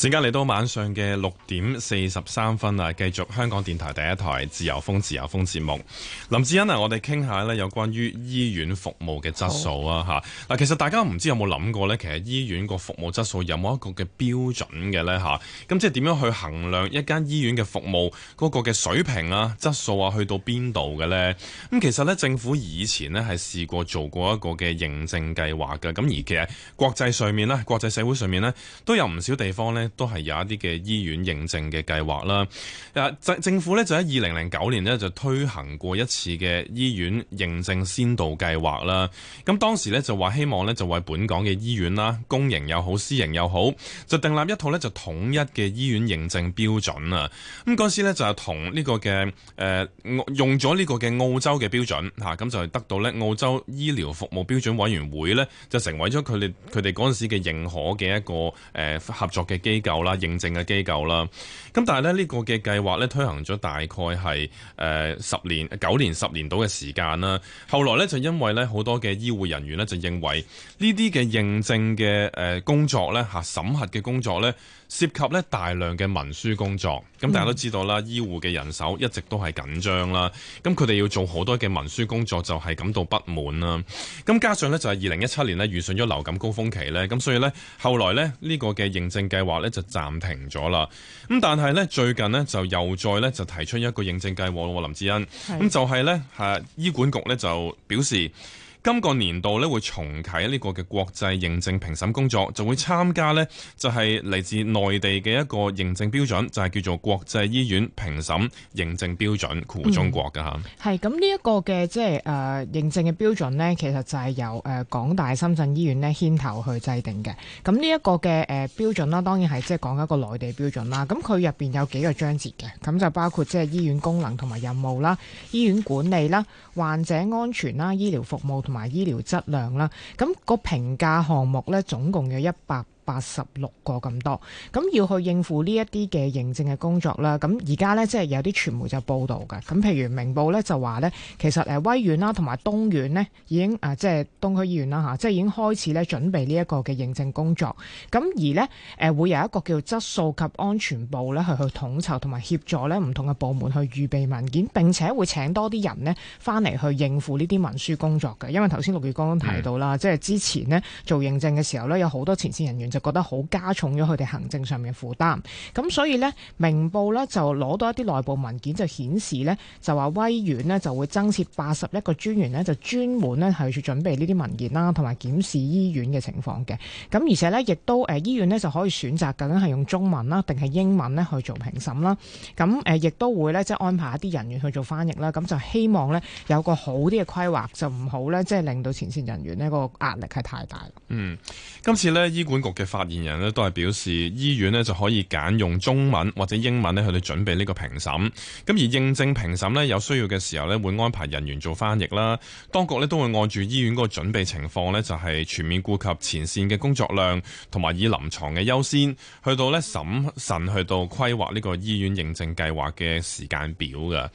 陣間嚟，到晚上嘅六點四十三分啦，繼續香港電台第一台自由風自由風節目。林志恩啊，我哋傾下呢有關於醫院服務嘅質素啊，吓嗱好，其實大家唔知有冇諗過呢？其實醫院個服務質素有冇一個嘅標準嘅呢？吓咁即係點樣去衡量一間醫院嘅服務嗰個嘅水平啊、質素啊，去到邊度嘅呢？咁其實呢，政府以前呢係試過做過一個嘅認證計劃㗎，咁而其實國際上面呢，國際社會上面呢，都有唔少地方呢。都係有一啲嘅醫院認證嘅計劃啦。啊，政政府咧就喺二零零九年咧就推行過一次嘅醫院認證先導計劃啦。咁當時咧就話希望咧就為本港嘅醫院啦，公營又好，私營又好，就訂立一套咧就統一嘅醫院認證標準啊。咁嗰時咧就係同呢個嘅誒用咗呢個嘅澳洲嘅標準吓，咁就係得到咧澳洲醫療服務標準委員會咧就成為咗佢哋佢哋嗰陣時嘅認可嘅一個誒合作嘅機機構啦，認證嘅機構啦，咁但係咧呢個嘅計劃咧推行咗大概係誒十年九年十年到嘅時間啦，後來咧就因為咧好多嘅醫護人員咧就認為呢啲嘅認證嘅誒工作咧吓審核嘅工作咧。涉及咧大量嘅文書工作，咁大家都知道啦，嗯、醫護嘅人手一直都係緊張啦。咁佢哋要做好多嘅文書工作，就係感到不滿啦。咁加上咧就係二零一七年咧遇上咗流感高峰期咧，咁所以咧後來咧呢、呢個嘅認證計劃咧就暫停咗啦。咁但係咧最近呢，就又再咧就提出一個認證計劃喎，我我林志恩咁的就係咧吓醫管局咧就表示。.今個年度咧會重啟呢個嘅國際認證評審工作，就會參加呢就係嚟自內地嘅一個認證標準，就係、是、叫做國際醫院評審認證標準，括中國嘅吓。係咁呢一個嘅即係誒認證嘅標準呢，其實就係由誒港大深圳醫院咧牽頭去制定嘅。咁呢、呃、一個嘅誒標準啦，當然係即係講一個內地標準啦。咁佢入邊有幾個章節嘅，咁就包括即係醫院功能同埋任務啦、醫院管理啦、患者安全啦、醫療服務同埋醫療質量啦，咁個評價項目咧總共有一百八十六個咁多，咁要去應付呢一啲嘅認證嘅工作啦。咁而家呢，即係有啲傳媒就報道嘅。咁譬如明報呢，就話呢，其實誒威遠啦同埋東院呢，已經誒即係東區醫院啦吓，即係已經開始呢，準備呢一個嘅認證工作。咁、呃、而呢，誒會有一個叫質素及安全部呢，去去統籌同埋協助呢唔同嘅部門去預備文件，並且會請多啲人呢翻嚟去應付呢啲文書工作嘅。因為頭先陸醫生剛剛都提到啦，嗯、即係之前呢，做認證嘅時候呢，有好多前線人員就覺得好加重咗佢哋行政上面嘅負擔，咁所以呢，明報呢就攞到一啲內部文件就顯示呢就話威院呢就會增設八十一個專員呢，就專門呢係去準備呢啲文件啦，同埋檢視醫院嘅情況嘅。咁而且呢，亦都誒、呃、醫院呢就可以選擇究竟係用中文啦定係英文呢去做評審啦。咁誒亦都會呢，即係安排一啲人員去做翻譯啦。咁就希望呢有個好啲嘅規劃，就唔好呢，即係令到前線人員呢個壓力係太大。嗯，今次呢，醫管局嘅。發言人咧都係表示，醫院咧就可以揀用中文或者英文咧去到準備呢個評審。咁而認證評審咧有需要嘅時候咧會安排人員做翻譯啦。當局咧都會按住醫院嗰個準備情況咧，就係全面顧及前線嘅工作量，同埋以臨床嘅優先去到咧審慎去到規劃呢個醫院認證計劃嘅時間表㗎。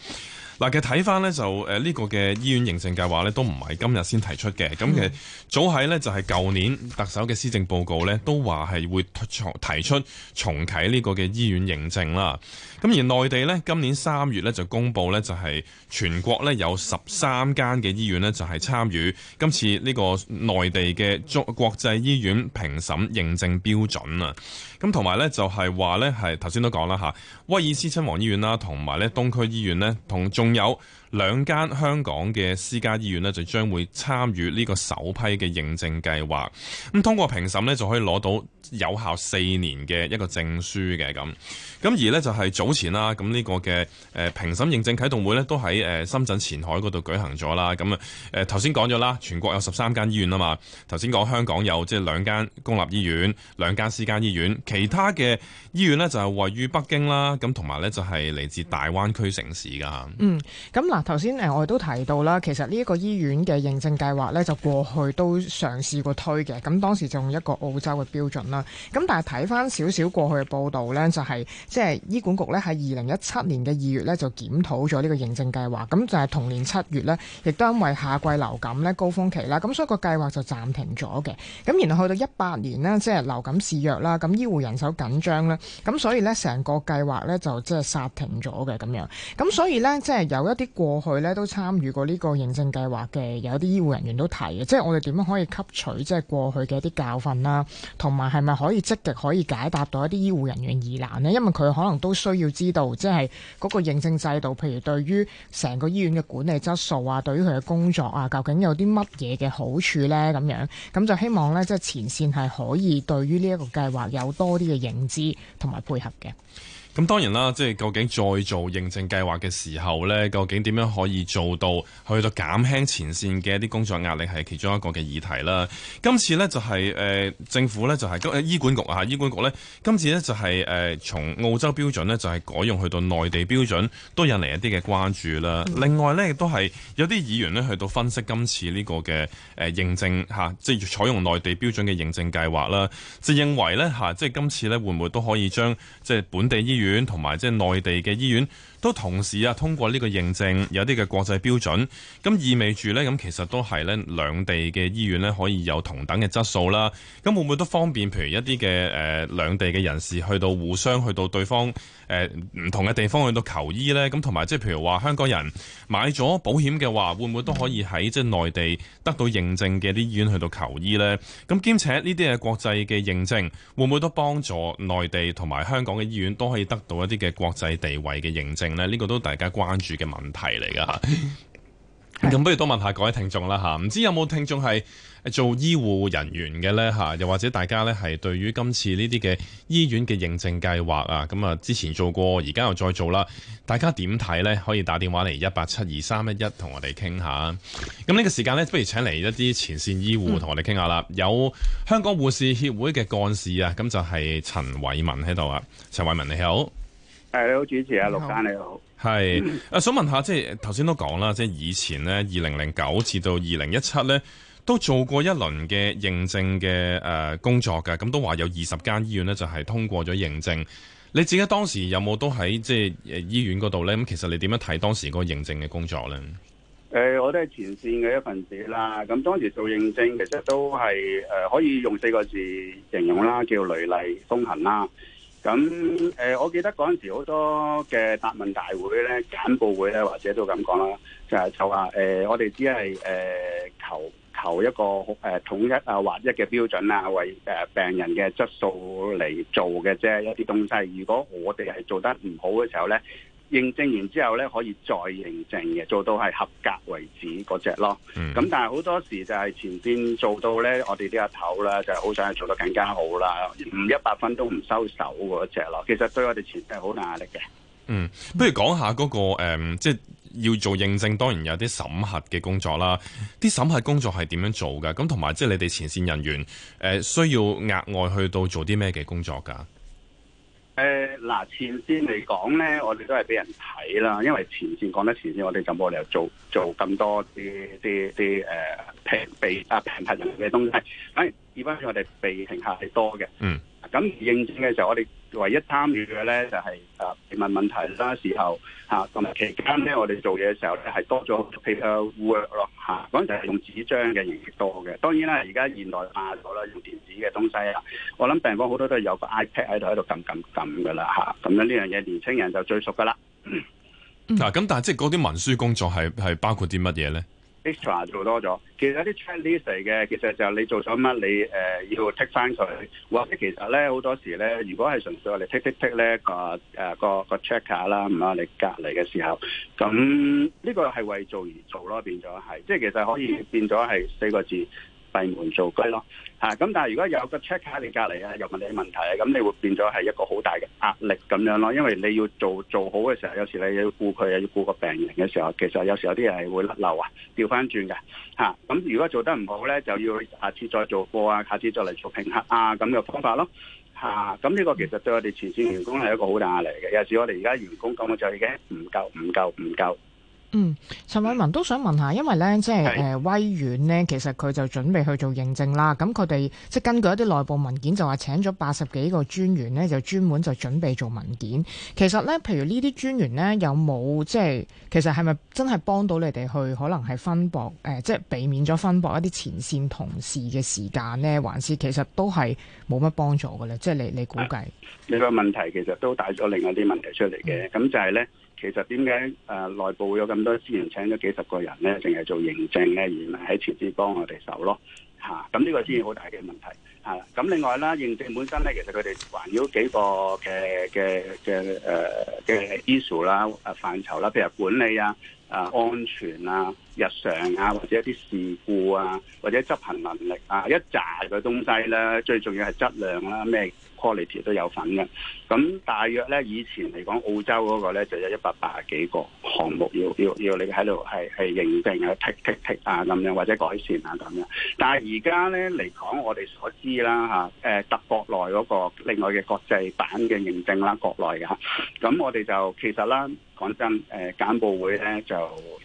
嗱，嘅睇返咧就誒呢、這個嘅醫院認證計劃咧，都唔係今日先提出嘅。咁其實早喺咧就係、是、舊年特首嘅施政報告咧，都話係會提出重啟呢個嘅醫院認證啦。咁而內地咧今年三月咧就公布咧就係、是、全國咧有十三間嘅醫院咧就係參與今次呢個內地嘅中國際醫院評審認證標準啊。咁同埋咧就係話咧係頭先都講啦嚇，威爾斯親王醫院啦，同埋咧東區醫院咧，同仲有兩間香港嘅私家醫院呢，就將會參與呢個首批嘅認證計劃。咁通過評審呢，就可以攞到有效四年嘅一個證書嘅咁。咁而呢，就係早前啦，咁、這、呢個嘅誒評審認證啟動會呢，都喺誒深圳前海嗰度舉行咗啦。咁啊誒頭先講咗啦，全國有十三間醫院啊嘛。頭先講香港有即係兩間公立醫院、兩間私家醫院，其他嘅醫院呢，就係位於北京啦，咁同埋呢，就係嚟自大灣區城市㗎。嗯，咁嗱。頭先誒我哋都提到啦，其實呢一個醫院嘅認證計劃咧，就過去都嘗試過推嘅。咁當時就用一個澳洲嘅標準啦。咁但係睇翻少少過去嘅報道咧，就係即係醫管局咧喺二零一七年嘅二月咧就檢討咗呢個認證計劃。咁就係同年七月咧，亦都因為夏季流感咧高峰期啦，咁所以個計劃就暫停咗嘅。咁然後去到一八年呢，即係流感肆虐啦，咁醫護人手緊張啦，咁所以咧成個計劃咧就即係煞停咗嘅咁樣。咁所以咧即係有一啲過。過去咧都參與過呢個認證計劃嘅，有啲醫護人員都提嘅，即係我哋點樣可以吸取即係過去嘅一啲教訓啦、啊，同埋係咪可以積極可以解答到一啲醫護人員疑難呢？因為佢可能都需要知道，即係嗰個認證制度，譬如對於成個醫院嘅管理質素啊，對於佢嘅工作啊，究竟有啲乜嘢嘅好處呢。咁樣咁就希望呢，即係前線係可以對於呢一個計劃有多啲嘅認知同埋配合嘅。咁當然啦，即係究竟再做認證計劃嘅時候呢，究竟點樣可以做到去到減輕前線嘅一啲工作壓力係其中一個嘅議題啦。今次呢就係、是、誒、呃、政府呢、就是，就係醫管局啊，醫管局呢，今次呢就係、是、誒、呃、從澳洲標準呢，就係改用去到內地標準，都引嚟一啲嘅關注啦。另外呢，亦都係有啲議員呢，去到分析今次呢個嘅誒認證嚇、啊，即係採用內地標準嘅認證計劃啦，就認為呢，嚇、啊，即係今次呢，會唔會都可以將即係本地醫院。院同埋即係內地嘅醫院。都同時啊，通過呢個認證有啲嘅國際標準，咁意味住咧，咁其實都係咧，兩地嘅醫院咧可以有同等嘅質素啦。咁會唔會都方便？譬如一啲嘅誒兩地嘅人士去到互相去到對方誒唔同嘅地方去到求醫咧？咁同埋即係譬如話香港人買咗保險嘅話會唔會都可以喺即係內地得到認證嘅啲醫院去到求醫咧？咁兼且呢啲嘅國際嘅認證會唔會都幫助內地同埋香港嘅醫院都可以得到一啲嘅國際地位嘅認證？呢個都大家關注嘅問題嚟噶咁不如都問下各位聽眾啦，吓，唔知有冇聽眾係做醫護人員嘅呢？吓，又或者大家咧係對於今次呢啲嘅醫院嘅認證計劃啊，咁啊之前做過，而家又再做啦，大家點睇呢？可以打電話嚟，一八七二三一一同我哋傾下。咁呢個時間呢，不如請嚟一啲前線醫護同我哋傾下啦。有香港護士協會嘅幹事啊，咁就係陳煒文喺度啊，陳煒文你好。係你好，主持啊，陸生你好。係，啊 想問下，即係頭先都講啦，即係以前咧，二零零九至到二零一七咧，都做過一輪嘅認證嘅誒工作嘅，咁都話有二十間醫院咧就係、是、通過咗認證。你自己當時有冇都喺即係醫院嗰度咧？咁其實你點樣睇當時嗰個認證嘅工作咧？誒、呃，我都係前綫嘅一份子啦，咁當時做認證其實都係誒、呃、可以用四個字形容啦，叫雷厲風行啦。咁誒、呃，我記得嗰陣時好多嘅答問大會咧、簡報會咧，或者都咁講啦，就係、是、就話誒、呃，我哋只係誒、呃、求求一個誒、呃、統一啊、或一嘅標準啊，為誒病人嘅質素嚟做嘅啫，就是、一啲東西。如果我哋係做得唔好嘅時候咧。認證完之後呢，可以再認證嘅，做到係合格為止嗰隻咯。咁、嗯、但係好多時就係前線做到呢，我哋啲阿頭啦，就好、是、想做得更加好啦，唔一百分都唔收手嗰隻咯。其實對我哋前線好大壓力嘅。嗯，不如講下嗰個誒、呃，即係要做認證，當然有啲審核嘅工作啦。啲審核工作係點樣做噶？咁同埋即係你哋前線人員誒、呃，需要額外去到做啲咩嘅工作噶？誒，嗱、呃，前線嚟講咧，我哋都係俾人睇啦，因為前線講得前線，我哋就冇理由做做咁多啲啲啲誒平被啊平替人嘅東西，反而而家我哋被乘客係多嘅。嗯。咁認證嘅時候，我哋唯一參與嘅咧就係啊問問題啦，時候嚇同期間咧，我哋做嘢嘅時候咧係多咗好多 paper work 咯嚇，嗰陣就係用紙張嘅形式多嘅。當然啦，而家現代化咗啦，用電子嘅東西啊，我諗病房好多都係有個 iPad 喺度喺度撳撳撳噶啦嚇，咁樣呢樣嘢年青人就最熟噶啦。嗱、嗯，咁、嗯啊、但係即係嗰啲文書工作係係包括啲乜嘢咧？extra 做多咗，其實啲 checklist 嚟嘅，其實就係你做咗乜，你誒、呃、要 tick 翻佢。或者其實咧好多時咧，如果係純粹我哋 tick tick tick 咧個誒個個 check 卡啦，咁啊你隔離嘅時候，咁呢個係為做而做咯，變咗係，即係其實可以變咗係四個字。閉門造句咯。吓，咁但係如果有個 check 卡喺你隔籬啊，又問你問題，咁你會變咗係一個好大嘅壓力咁樣咯，因為你要做做好嘅時候，有時你要顧佢，又要顧個病人嘅時候，其實有時有啲人會甩漏啊，調翻轉嘅，吓，咁如果做得唔好咧，就要下次再做過啊，下次再嚟做評核啊，咁嘅方法咯，吓，咁呢個其實對我哋前線員工係一個好大壓力嘅，有時我哋而家員工咁就已經唔夠唔夠唔夠。嗯，陳煒文都想問下，因為咧，即係誒、呃、威院咧，其實佢就準備去做認證啦。咁佢哋即係根據一啲內部文件就話請咗八十幾個專員咧，就專門就準備做文件。其實咧，譬如呢啲專員咧，有冇即係其實係咪真係幫到你哋去？可能係分薄誒、呃，即係避免咗分薄一啲前線同事嘅時間呢，還是其實都係冇乜幫助嘅咧？即係你你估計？呢、啊這個問題其實都帶咗另外啲問題出嚟嘅，咁、嗯、就係咧。其實點解誒內部有咁多資源，請咗幾十個人咧，淨係做認證咧，而唔係喺前置幫我哋手咯，吓咁呢個先係好大嘅問題吓。咁、啊、另外啦，認證本身咧，其實佢哋環繞幾個嘅嘅嘅誒嘅、呃、issue 啦，誒範疇啦，譬如管理啊、誒、啊、安全啊、日常啊，或者一啲事故啊，或者執行能力啊，一紮嘅東西咧，最重要係質量啦，咩？quality 都有份嘅，咁大約咧，以前嚟講澳洲嗰個咧就有一百八十幾個項目，要要要你喺度係係認證啊，剔剔剔啊，咁樣或者改善啊咁樣，但係而家咧嚟講我哋所知啦，嚇，誒、啊、特國內嗰個另外嘅國際版嘅認證啦、啊、國內嘅嚇，咁、啊、我哋就其實啦，講真，誒簡報會咧就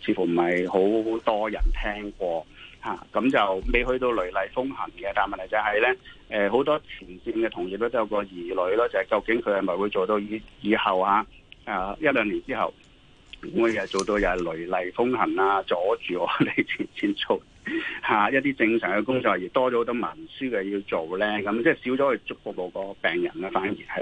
似乎唔係好多人聽過。吓，咁就未去到雷厲風行嘅，但問題就係咧，誒好多前線嘅同業咧都有個疑慮咯，就係究竟佢係咪會做到以以後啊，啊一兩年之後，會唔會做到又係雷厲風行啊，阻住我哋前線做吓一啲正常嘅工作，而多咗好多文書嘅要做咧，咁即係少咗去接服務個病人咧，反而係，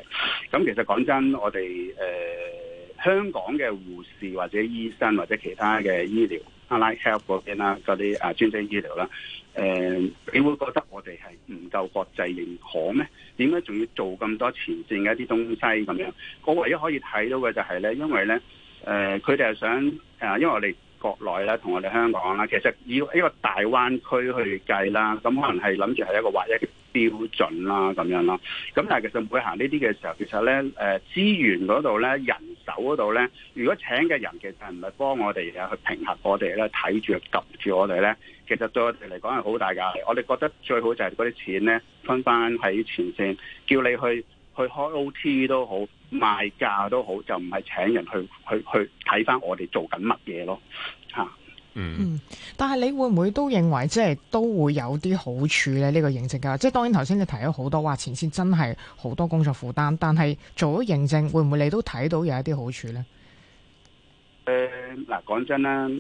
咁其實講真，我哋誒香港嘅護士或者醫生或者其他嘅醫療。阿拉 health 嗰邊啦，啲啊專精醫療啦，誒、呃，你會覺得我哋係唔夠國際認可咩？點解仲要做咁多前線嘅一啲東西咁樣？我唯一可以睇到嘅就係、是、咧，因為咧，誒、呃，佢哋係想誒、呃，因為我哋國內啦，同我哋香港啦，其實以一個大灣區去計啦，咁可能係諗住係一個劃一嘅標準啦，咁樣啦。咁但係其實每行呢啲嘅時候，其實咧，誒、呃、資源嗰度咧人。走度咧，如果請嘅人其實唔係幫我哋啊，去平衡我哋咧，睇住及住我哋咧，其實對我哋嚟講係好大壓力。我哋覺得最好就係嗰啲錢咧分翻喺前線，叫你去去開 OT 都好，賣價都好，就唔係請人去去去睇翻我哋做緊乜嘢咯，嚇。嗯，但係你會唔會都認為即係都會有啲好處咧？呢、這個認證嘅，即係當然頭先你提咗好多，話前線真係好多工作負擔，但係做咗認證，會唔會你都睇到有一啲好處咧？誒、呃，嗱，講真啦，誒，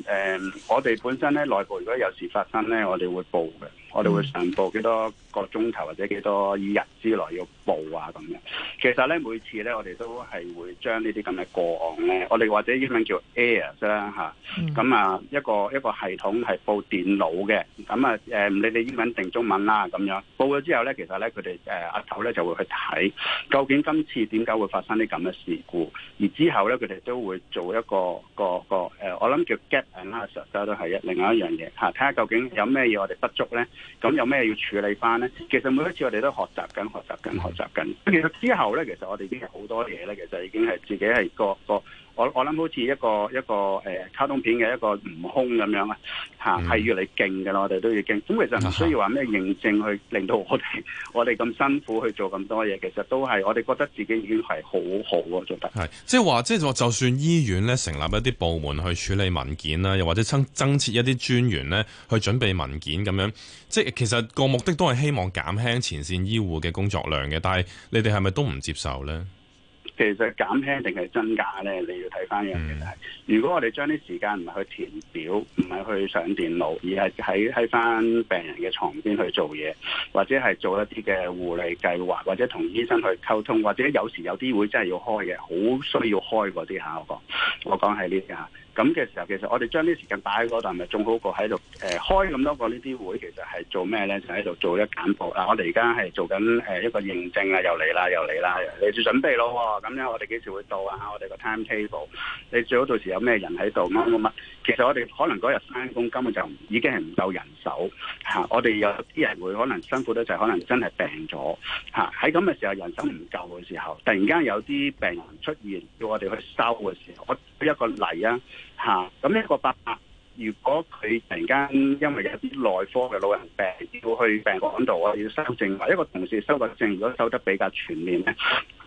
我哋本身咧內部，如果有事發生咧，我哋會報嘅。 我哋會上報幾多個鐘頭或者幾多以日之內要報啊咁樣。其實咧，每次咧，我哋都係會將呢啲咁嘅個案咧，我哋或者英文叫 AIRS 啦吓，咁 啊一個一個系統係報電腦嘅。咁啊，誒，唔理你英文定中文啦，啊、咁樣。報咗之後咧，其實咧，佢哋誒阿頭咧就會去睇究竟今次點解會發生啲咁嘅事故。而之後咧，佢哋都會做一個個個誒、呃，我諗叫 gap analysis 都係一另外一樣嘢吓，睇下究竟有咩嘢我哋不足咧。咁有咩要處理翻咧？其實每一次我哋都學習緊、學習緊、學習緊。其實之後咧，其實我哋已經好多嘢咧，其實已經係自己係個個。個我我諗好似一個一個誒、欸、卡通片嘅一個悟空咁樣啊，嚇係越嚟勁㗎啦，我哋都越勁。咁其實唔需要話咩認證去令到我哋我哋咁辛苦去做咁多嘢，其實都係我哋覺得自己已經係好好、啊、咯做得。係即係話，即係就算醫院咧成立一啲部門去處理文件啦，又或者增增設一啲專員咧去準備文件咁樣，即係其實個目的都係希望減輕前線醫護嘅工作量嘅。但係你哋係咪都唔接受咧？其實減輕定係增加咧，你要睇翻樣嘢。就係如果我哋將啲時間唔係去填表，唔係去上電腦，而係喺喺翻病人嘅床邊去做嘢，或者係做一啲嘅護理計劃，或者同醫生去溝通，或者有時有啲會真係要開嘅，好需要開嗰啲嚇。我講我講係呢啲嚇。咁嘅時候，其實我哋將啲時間擺喺嗰度，咪仲好過喺度誒開咁多個呢啲會。其實係做咩咧？就喺、是、度做一簡報啊！我哋而家係做緊誒、呃、一個認證啊，又嚟啦，又嚟啦，嚟做準備咯。咁樣我哋幾時會到啊？我哋個 timetable，你最好到時有咩人喺度乜乜乜？其實我哋可能嗰日翻工根本就已經係唔夠人手嚇，我哋有啲人會可能辛苦得就係可能真係病咗嚇。喺咁嘅時候人手唔夠嘅時候，突然間有啲病人出現要我哋去收嘅時候，我舉一個例啊嚇，咁呢個伯伯，如果佢突然間因為有啲內科嘅老人病要去病房度啊，我要收症，或者一個同事收個症，如果收得比較全面咧，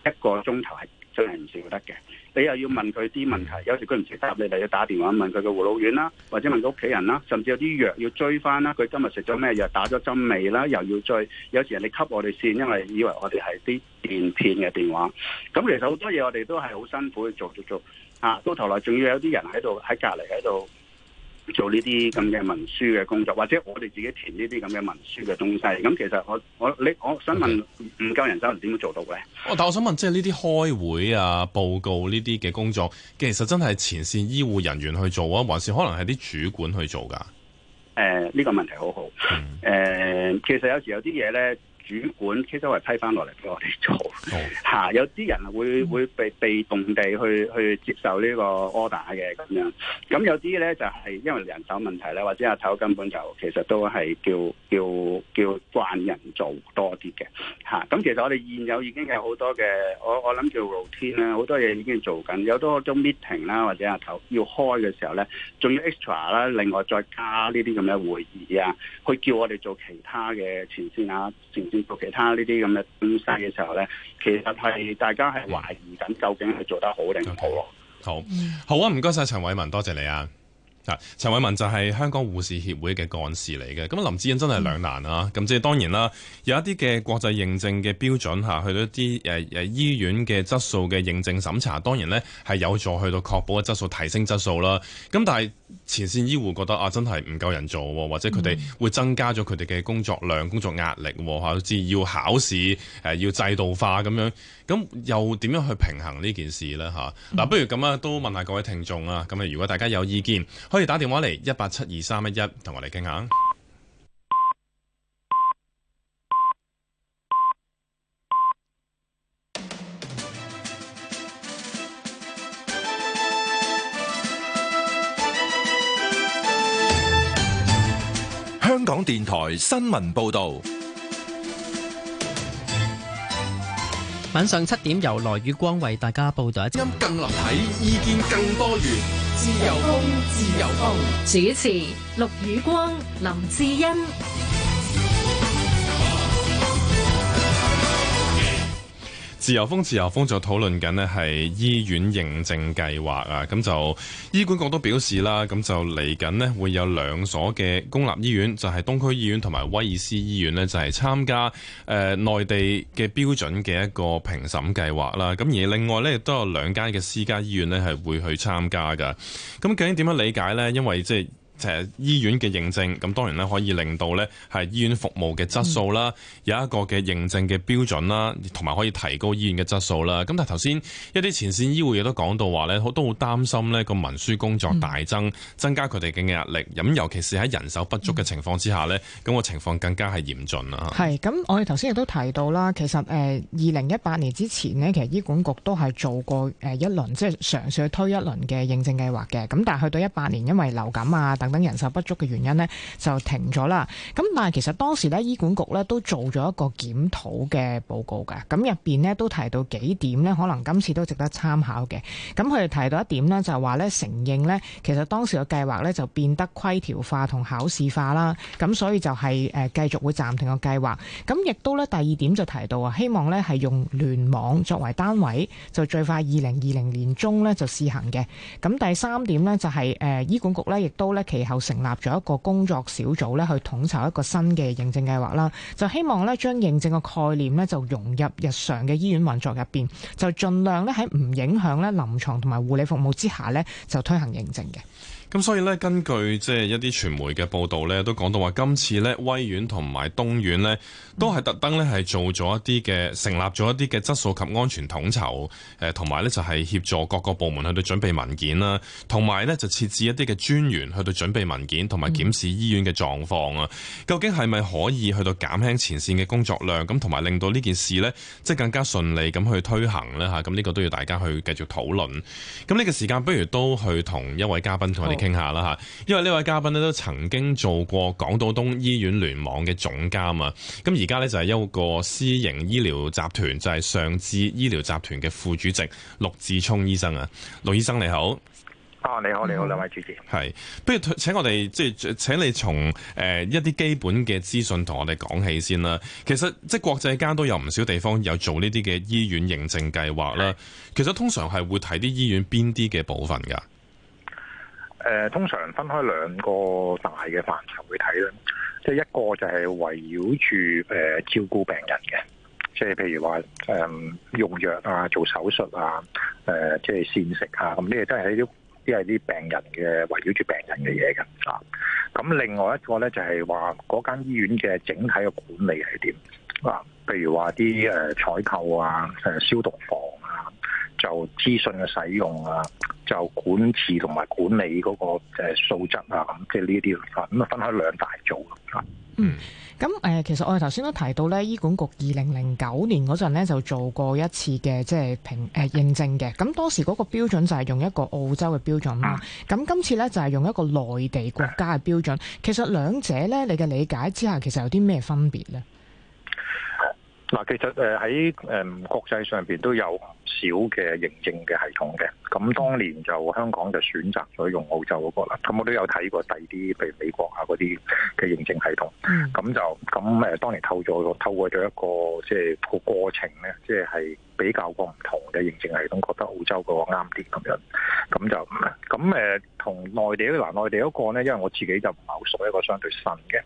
一個鐘頭係。係唔食得嘅，你又要問佢啲問題，有時佢唔食得，你就要打電話問佢個護老院啦，或者問佢屋企人啦、啊，甚至有啲藥要追翻啦，佢今日食咗咩藥，打咗針未啦，又要追。有時人哋扱我哋線，因為以為我哋係啲電騙嘅電話。咁其實好多嘢我哋都係好辛苦去做做做，吓到頭來仲要有啲人喺度喺隔籬喺度，做呢啲咁嘅文書嘅工作，或者我哋自己填呢啲咁嘅文書嘅東西。咁其實我我你我想問唔夠、嗯、人手點樣做到咧？哦，但我想問，即係呢啲開會啊、報告呢啲嘅工作，其實真係前線醫護人員去做啊，還是可能係啲主管去做噶？誒、呃，呢、呢個問題好好。誒、嗯呃，其實有時有啲嘢咧。主管其實都係批翻落嚟俾我哋做，嚇、哦啊、有啲人會會被被動地去去接受呢個 order 嘅咁樣，咁有啲咧就係、是、因為人手問題咧，或者阿頭根本就其實都係叫叫叫慣人做多啲嘅嚇。咁、啊、其實我哋現有已經有好多嘅，我我諗叫 routine 啦，好多嘢已經做緊，有好多種 meeting 啦，或者阿頭要開嘅時候咧，仲要 extra 啦，另外再加呢啲咁嘅會議啊，佢叫我哋做其他嘅前線啊，前線。做其他呢啲咁嘅東西嘅時候咧，其實係大家係懷疑緊究竟係做得好定唔好咯，okay。好，好啊，唔該晒，陳煒文，多謝你啊。啊，陳煒文就係香港護士協會嘅幹事嚟嘅，咁陸志聰真係兩難啊，咁即係當然啦，有一啲嘅國際認證嘅標準吓，去到一啲誒誒醫院嘅質素嘅認證審查，當然呢係有助去到確保嘅質素，提升質素啦。咁但係前線醫護覺得啊，真係唔夠人做，啊，或者佢哋會增加咗佢哋嘅工作量、工作壓力，啊，吓，好似要考試，誒、呃，要制度化咁樣。咁又點樣去平衡呢件事呢？吓嗱，嗯，不如咁啊，都問下各位聽眾啊。咁啊，如果大家有意見，可以打電話嚟一八七二三一一同我哋傾下。香港電台新聞報道。晚上七點由陸宇光為大家報道。一陣間，更立體，意見更多元。自由風，自由風。主持：陸宇光、林志恩。自由風自由風就討論緊呢，係醫院認證計劃啊，咁就醫管局都表示啦，咁就嚟緊呢會有兩所嘅公立醫院，就係、是、東區醫院同埋威爾斯醫院呢就係、是、參加誒、呃、內地嘅標準嘅一個評審計劃啦。咁而另外呢，亦都有兩間嘅私家醫院呢係會去參加㗎。咁究竟點樣理解呢？因為即係。其實醫院嘅認證，咁當然咧可以令到咧係醫院服務嘅質素啦，嗯、有一個嘅認證嘅標準啦，同埋可以提高醫院嘅質素啦。咁但係頭先一啲前線醫護亦都講到話咧，好多好擔心呢個文書工作大增，增加佢哋嘅壓力。咁尤其是喺人手不足嘅情況之下呢，咁個情況更加係嚴峻啦。係咁，我哋頭先亦都提到啦，其實誒二零一八年之前呢，其實醫管局都係做過誒一輪，即係嘗試去推一輪嘅認證計劃嘅。咁但係去到一八年，因為流感啊等等。等人手不足嘅原因呢，就停咗啦。咁但係其實當時咧，醫管局咧都做咗一個檢討嘅報告嘅。咁入邊咧都提到幾點咧，可能今次都值得參考嘅。咁佢哋提到一點呢就係話咧承認咧，其實當時嘅計劃咧就變得規條化同考試化啦。咁所以就係誒繼續會暫停個計劃。咁亦都咧第二點就提到啊，希望咧係用聯網作為單位，就最快二零二零年中咧就試行嘅。咁第三點咧就係誒醫管局咧亦都咧其。然後成立咗一個工作小組咧，去統籌一個新嘅認證計劃啦。就希望咧將認證嘅概念咧就融入日常嘅醫院運作入邊，就盡量咧喺唔影響咧臨床同埋護理服務之下咧就推行認證嘅。咁所以咧，根據即係一啲傳媒嘅報道咧，都講到話今次咧，威院同埋東院咧，都係特登咧係做咗一啲嘅成立咗一啲嘅質素及安全統籌，誒同埋咧就係、是、協助各個部門去到準備文件啦，同埋咧就設置一啲嘅專員去到準備文件，同埋檢視醫院嘅狀況啊。究竟係咪可以去到減輕前線嘅工作量？咁同埋令到呢件事咧，即係更加順利咁去推行咧吓，咁、啊、呢個都要大家去繼續討論，咁、啊、呢個時間不如都去同一位嘉賓，同我哋傾下啦吓，因為呢位嘉賓呢，都曾經做過港島東醫院聯網嘅總監啊，咁而家呢，就係一個私營醫療集團，就係尚至醫療集團嘅副主席陸志聰醫生啊，陸醫生你好，啊，你好你好兩位主持，係不如請我哋即係請你從誒、呃、一啲基本嘅資訊同我哋講起先啦。其實即係國際間都有唔少地方有做呢啲嘅醫院認證計劃啦，的其實通常係會睇啲醫院邊啲嘅部分噶。誒，通常分開兩個大嘅範疇去睇咧，即係一個就係圍繞住誒照顧病人嘅，即係譬如話誒、嗯、用藥啊、做手術啊、誒、呃、即係膳食啊，咁呢啲都係啲病人嘅圍繞住病人嘅嘢嘅。咁、啊、另外一個咧，就係話嗰間醫院嘅整體嘅管理係點啊？譬如話啲誒採購啊、誒消毒房。就資訊嘅使用啊，就管治同埋管理嗰個素質啊，咁即係呢啲啊，分開兩大組嗯，咁誒、呃，其實我哋頭先都提到呢醫管局二零零九年嗰陣呢就做過一次嘅即係評誒、呃、認證嘅。咁當時嗰個標準就係用一個澳洲嘅標準啦。咁、嗯、今次呢，就係、是、用一個內地國家嘅標準。嗯、其實兩者呢，你嘅理解之下，其實有啲咩分別呢？嗱，其實誒喺誒國際上邊都有唔少嘅認證嘅系統嘅，咁當年就香港就選擇咗用澳洲嗰個啦。咁我都有睇過第二啲，譬如美國啊嗰啲嘅認證系統，咁就咁誒，當年透過透過咗一個即係、就是、個過程咧，即係。比較過唔同嘅認證系統，覺得澳洲嗰個啱啲咁樣，咁就咁誒，同內地嗱內地嗰個咧，因為我自己就唔係好熟一個相對新嘅。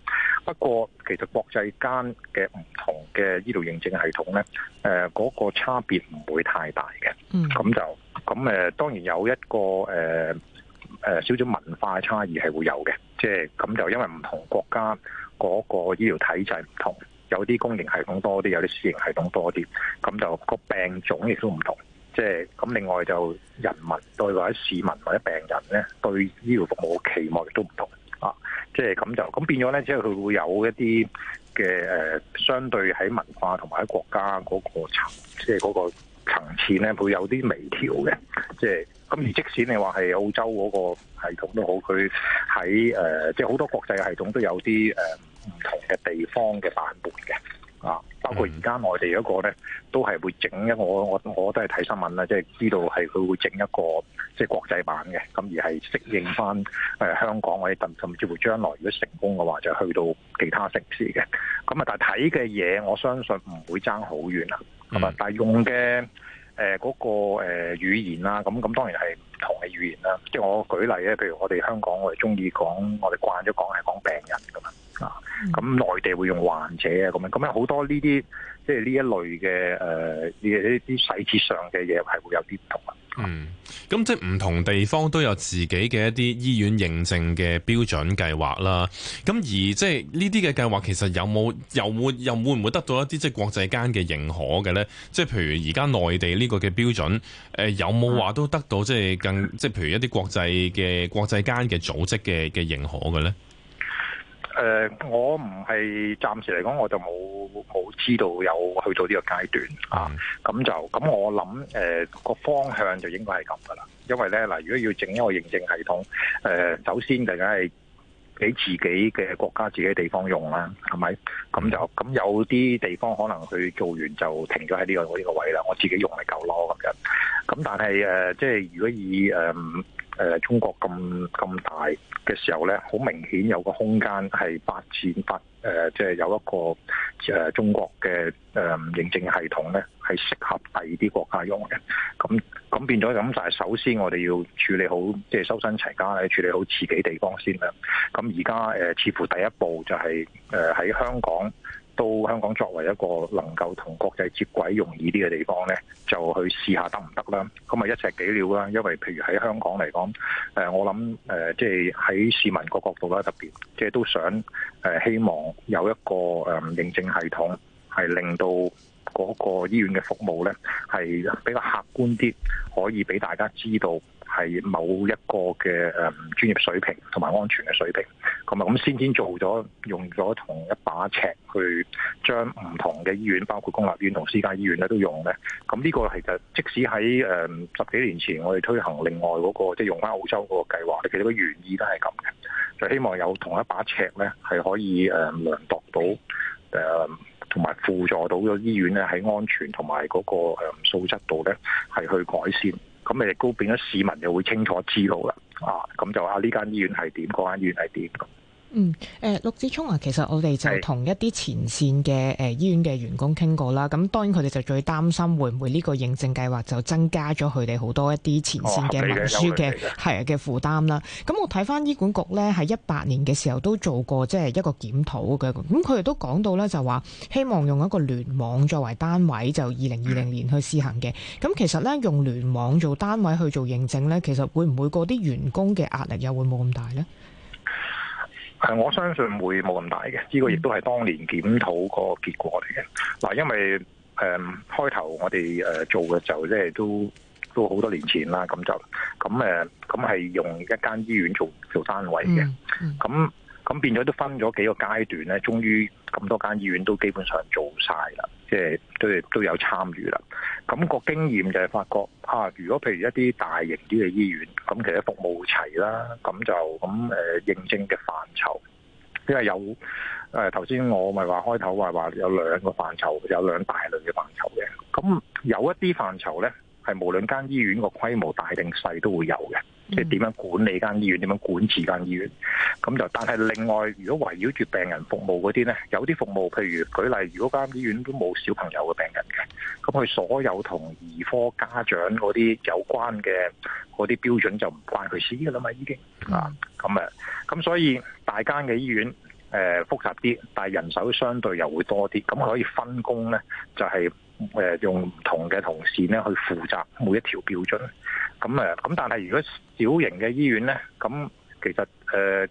不過其實國際間嘅唔同嘅醫療認證系統咧，誒、呃、嗰、那個差別唔會太大嘅。嗯，咁就咁誒，當然有一個誒誒、呃呃、少少文化嘅差異係會有嘅，即係咁就因為唔同國家嗰個醫療體制唔同。有啲公營系統多啲，有啲私營系統多啲，咁就個病種亦都唔同，即係咁。另外就人民對或者市民或者病人咧，對醫療服務嘅期望亦都唔同啊。即係咁就咁、是、變咗咧，即係佢會有一啲嘅誒，相對喺文化同埋喺國家嗰個層，即係嗰個層次咧，會有啲微調嘅。即、就、係、是，咁而即使你話係澳洲嗰個系統都好，佢喺誒，即係好多國際嘅系統都有啲誒唔同。呃嘅地方嘅版本嘅啊，包括而家內地嗰個咧，都係會整一我我我都係睇新聞啦，即係知道係佢會整一個即係國際版嘅，咁而係適應返誒香港，或者甚甚至乎將來如果成功嘅話，就去到其他城市嘅。咁啊，但係睇嘅嘢，我相信唔會爭好遠啊。咁啊、嗯，但係用嘅。誒，嗰個誒語言啦，咁咁當然係唔同嘅語言啦。即係我舉例咧，譬如我哋香港，我哋中意講，我哋慣咗講係講病人咁樣，啊，咁內地會用患者啊，咁樣，咁樣好多呢啲，即係呢一類嘅誒，呢啲細節上嘅嘢係會有啲唔同啊。嗯，咁即係唔同地方都有自己嘅一啲醫院認證嘅標準計劃啦。咁而即係呢啲嘅計劃，其實有冇又會又會唔會得到一啲即係國際間嘅認可嘅咧？即係譬如而家內地呢個嘅標準，誒、呃、有冇話都得到即係更即係譬如一啲國際嘅國際間嘅組織嘅嘅認可嘅咧？誒、呃，我唔係，暫時嚟講，我就冇冇知道有去到呢個階段、嗯、啊，咁就咁我諗誒、呃、個方向就應該係咁噶啦，因為咧嗱、呃，如果要整一個認證系統，誒、呃、首先大家係俾自己嘅國家、自己地方用啦，係咪？咁就咁有啲地方可能佢做完就停咗喺呢個呢、這個位啦，我自己用嚟夠咯咁樣。咁但係誒、呃，即係如果以誒。呃誒、呃、中國咁咁大嘅時候咧，好明顯有個空間係發展發誒，即、呃、係、就是、有一個誒、呃、中國嘅誒、呃、認證系統咧，係適合第二啲國家用嘅。咁咁變咗咁但係，首先我哋要處理好，即係修身齊家，要處理好自己地方先啦。咁而家誒，似乎第一步就係誒喺香港。都香港作為一個能夠同國際接軌容易啲嘅地方呢，就去試下得唔得啦？咁啊，一石幾鳥啦，因為譬如喺香港嚟講，誒我諗誒、呃、即係喺市民個角度啦，特別即係都想誒、呃、希望有一個誒、呃、認證系統，係令到嗰個醫院嘅服務呢係比較客觀啲，可以俾大家知道。係某一個嘅誒專業水平同埋安全嘅水平，同埋咁先先做咗用咗同一把尺去將唔同嘅醫院，包括公立醫院同私家醫院咧都用咧。咁呢個其實即使喺誒十幾年前，我哋推行另外嗰、嗰個即係用翻澳洲嗰個計劃，其實個原意都係咁嘅，就希望有同一把尺咧係可以誒量度到誒同埋輔助到個醫院咧喺安全同埋嗰個誒素質度咧係去改善。咁你亦都變咗市民就會清楚知道啦，啊，咁就話呢間醫院係點，嗰間醫院係點。嗯，誒陸志聰啊，其實我哋就同一啲前線嘅誒醫院嘅員工傾過啦，咁是、呃、當然佢哋就最擔心會唔會呢個認證計劃就增加咗佢哋好多一啲前線嘅文書嘅係嘅負擔啦。咁、嗯、我睇翻醫管局咧喺一八年嘅時候都做過，即係一個檢討嘅，咁佢哋都講到咧就話希望用一個聯網作為單位，就二零二零年去試行嘅。咁其實咧用聯網做單位去做認證咧，其實會唔會嗰啲員工嘅壓力,力又會冇咁大咧？係我相信會冇咁大嘅，呢、這個亦都係當年檢討個結果嚟嘅。嗱，因為誒、呃、開頭我哋誒做嘅時候，即係都都好多年前啦，咁就咁誒咁係用一間醫院做做單位嘅，咁咁變咗都分咗幾個階段咧，終於咁多間醫院都基本上做晒啦。即係都都有參與啦。咁個經驗就係發覺，啊，如果譬如一啲大型啲嘅醫院，咁其實服務齊啦，咁就咁誒、呃、認證嘅範疇，因為有誒頭先我咪話開頭話話有兩個範疇，有兩大類嘅範疇嘅。咁有一啲範疇咧，係無論間醫院個規模大定細都會有嘅。即係點樣管理間醫院？點樣管治間醫院？咁就，但係另外，如果圍繞住病人服務嗰啲呢，有啲服務，譬如舉例，如果間醫院都冇小朋友嘅病人嘅，咁佢所有同兒科家長嗰啲有關嘅嗰啲標準就唔關佢事㗎啦嘛，已經啊，咁啊、嗯，咁、嗯、所以大間嘅醫院誒、呃、複雜啲，但係人手相對又會多啲，咁佢可以分工呢，就係、是。誒用唔同嘅同事咧去負責每一條標準，咁誒咁，但係如果小型嘅醫院咧，咁其實誒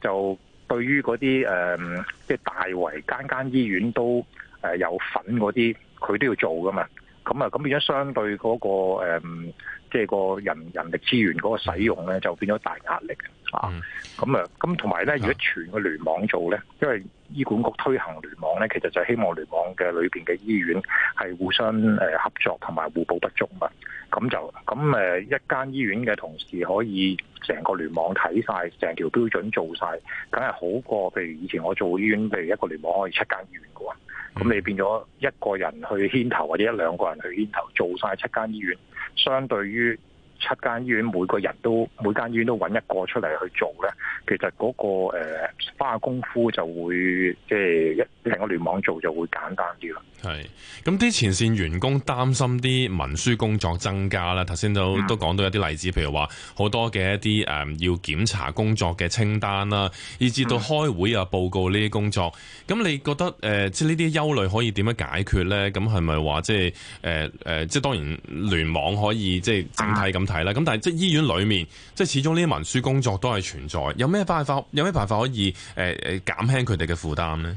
就對於嗰啲誒即係大圍間間醫院都誒有份嗰啲，佢都要做㗎嘛，咁啊咁變咗相對嗰、嗰個即係、即係、個人人力資源嗰個使用咧，就變咗大壓力。啊，咁啊、嗯，咁同埋咧，如果全個聯網做咧，因為醫管局推行聯網咧，其實就希望聯網嘅裏邊嘅醫院係互相誒合作，同埋互補不足嘛。咁就咁誒，一間醫院嘅同事可以成個聯網睇晒，成條標準做晒，梗係好過譬如以前我做醫院，譬如一個聯網可以七間醫院嘅話，咁、嗯、你變咗一個人去牽頭或者一兩個人去牽頭做晒七間醫院，相對於。七間醫院每個人都每間醫院都揾一個出嚟去做咧，其實嗰、那個誒、呃、花功夫就會即係一。呃成個聯網做就會簡單啲啦。係咁，啲前線員工擔心啲文書工作增加啦。頭先都、嗯、都講到一啲例子，譬如話好多嘅一啲誒、嗯、要檢查工作嘅清單啦，以至到開會啊報告呢啲工作。咁、嗯、你覺得誒、呃，即係呢啲憂慮可以點樣解決咧？咁係咪話即係誒誒，即係當然聯網可以即係整體咁睇啦。咁、啊、但係即係醫院裏面，即係始終呢啲文書工作都係存在，有咩辦法有咩辦法可以誒誒減輕佢哋嘅負擔咧？呃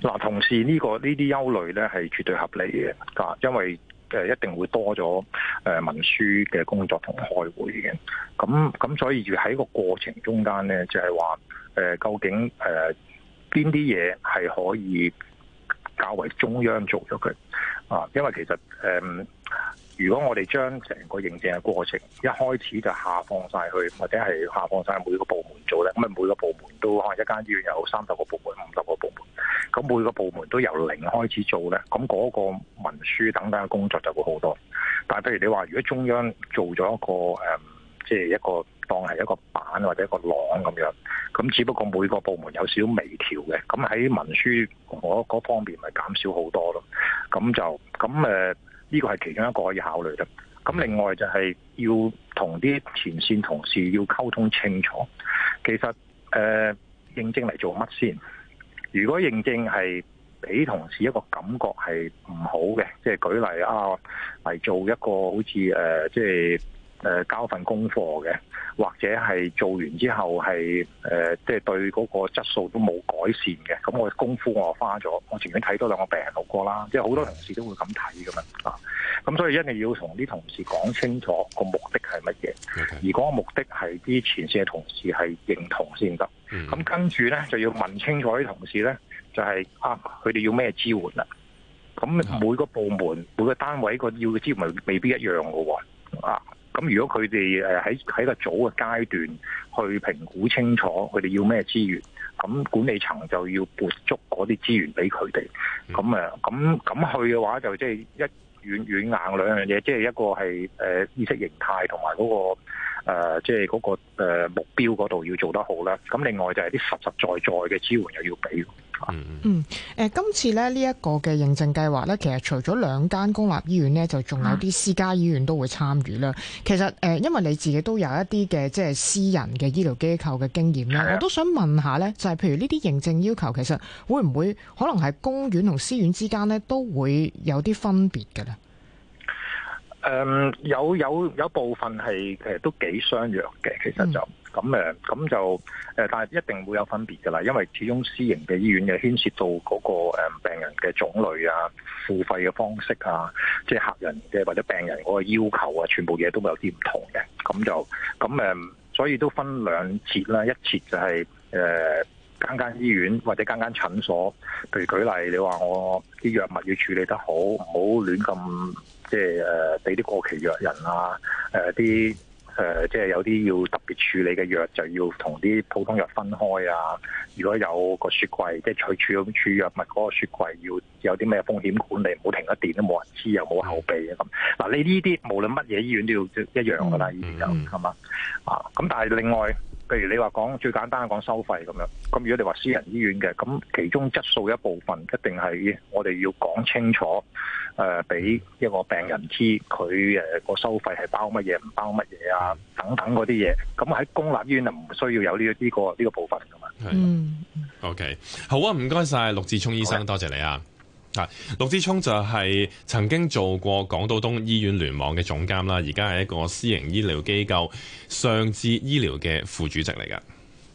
嗱，同事呢、呢個呢啲憂慮咧，係絕對合理嘅，啊，因為誒、呃、一定會多咗誒、呃、文書嘅工作同開會嘅，咁咁所以住喺個過程中間咧，就係話誒究竟誒邊啲嘢係可以較為中央做咗佢啊？因為其實誒。呃如果我哋將成個認證嘅過程一開始就下放晒去，或者係下放晒每個部門做咧，咁啊每個部門都可能一間醫院有三十個部門、五十個部門，咁每個部門都由零開始做咧，咁嗰個文書等等嘅工作就會好多。但係譬如你話，如果中央做咗一個誒、呃，即係一個當係一個板或者一個廊咁樣，咁只不過每個部門有少微調嘅，咁喺文書我嗰方面咪減少好多咯。咁就咁誒。呢個係其中一個可以考慮嘅。咁另外就係要同啲前線同事要溝通清楚。其實誒、呃、認證嚟做乜先？如果認證係俾同事一個感覺係唔好嘅，即、就、係、是、舉例啊，嚟做一個好似誒即係。呃就是誒交份功課嘅，或者係做完之後係誒、呃，即係對嗰個質素都冇改善嘅，咁我功夫我花咗，我前面睇多兩個病人好過啦。即係好多同事都會咁睇噶嘛，啊，咁所以一定要同啲同事講清楚目 Okay. 個目的係乜嘢，而嗰個目的係啲前線嘅同事係認同先得。咁、mm. 跟住咧就要問清楚啲同事咧，就係、是、啊，佢哋要咩支援啊？咁每個部門、mm. 每個單位個要嘅支援未必一樣嘅喎，啊。咁如果佢哋誒喺喺個早嘅階段去評估清楚佢哋要咩資源，咁管理層就要撥足嗰啲資源俾佢哋。咁啊，咁咁去嘅話，就即係一軟軟硬兩樣嘢，即係一個係誒意識形態同埋嗰個即係嗰個目標嗰度要做得好啦。咁另外就係啲實實在在嘅支援又要俾。嗯誒、呃，今次咧呢一、這個嘅認證計劃咧，其實除咗兩間公立醫院咧，就仲有啲私家醫院都會參與啦。其實誒、呃，因為你自己都有一啲嘅即係私人嘅醫療機構嘅經驗啦，我都想問下咧，就係、是、譬如呢啲認證要求，其實會唔會可能係公院同私院之間咧，都會有啲分別嘅咧？誒，有有有部分係誒都幾相約嘅，其實就咁誒，咁就誒，但係一定會有分別噶啦，因為始終私營嘅醫院嘅牽涉到嗰個誒病人嘅種類啊，付費嘅方式啊，即係客人嘅或者病人嗰個要求啊，全部嘢都會有啲唔同嘅，咁就咁誒，所以都分兩節啦，一節就係誒間間醫院或者間間診所，譬如舉例，你話我啲藥物要處理得好，唔好亂咁。即係誒俾啲過期藥人啊，誒啲誒即係有啲要特別處理嘅藥，就要同啲普通藥分開啊。如果有個雪櫃，即係儲咁儲藥物嗰個雪櫃，要有啲咩風險管理，唔好停一電都冇人知，又冇後備啊咁。嗱，你呢啲無論乜嘢醫院都要一樣噶啦，呢啲就係嘛啊？咁但係另外。譬如你話講，最簡單講收費咁樣，咁如果你話私人醫院嘅，咁其中質素一部分一定係我哋要講清楚，誒、呃，俾一個病人知佢誒個收費係包乜嘢，唔包乜嘢啊等等嗰啲嘢，咁喺公立醫院就唔需要有呢、呢、呢個呢、呢個部分噶嘛。是嗯。O、okay. K，好啊，唔該晒陸志聰醫生，的多謝你啊。啊！陸志聰就係曾經做過港島東醫院聯網嘅總監啦，而家係一個私營醫療機構尚至醫療嘅副主席嚟㗎。